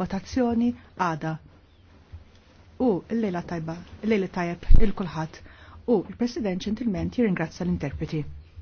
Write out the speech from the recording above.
votazzjoni għada. U l-lejla tajba, l-lejla tajab il-kulħat. U il-President ġentilment jiringrazza l-interpreti.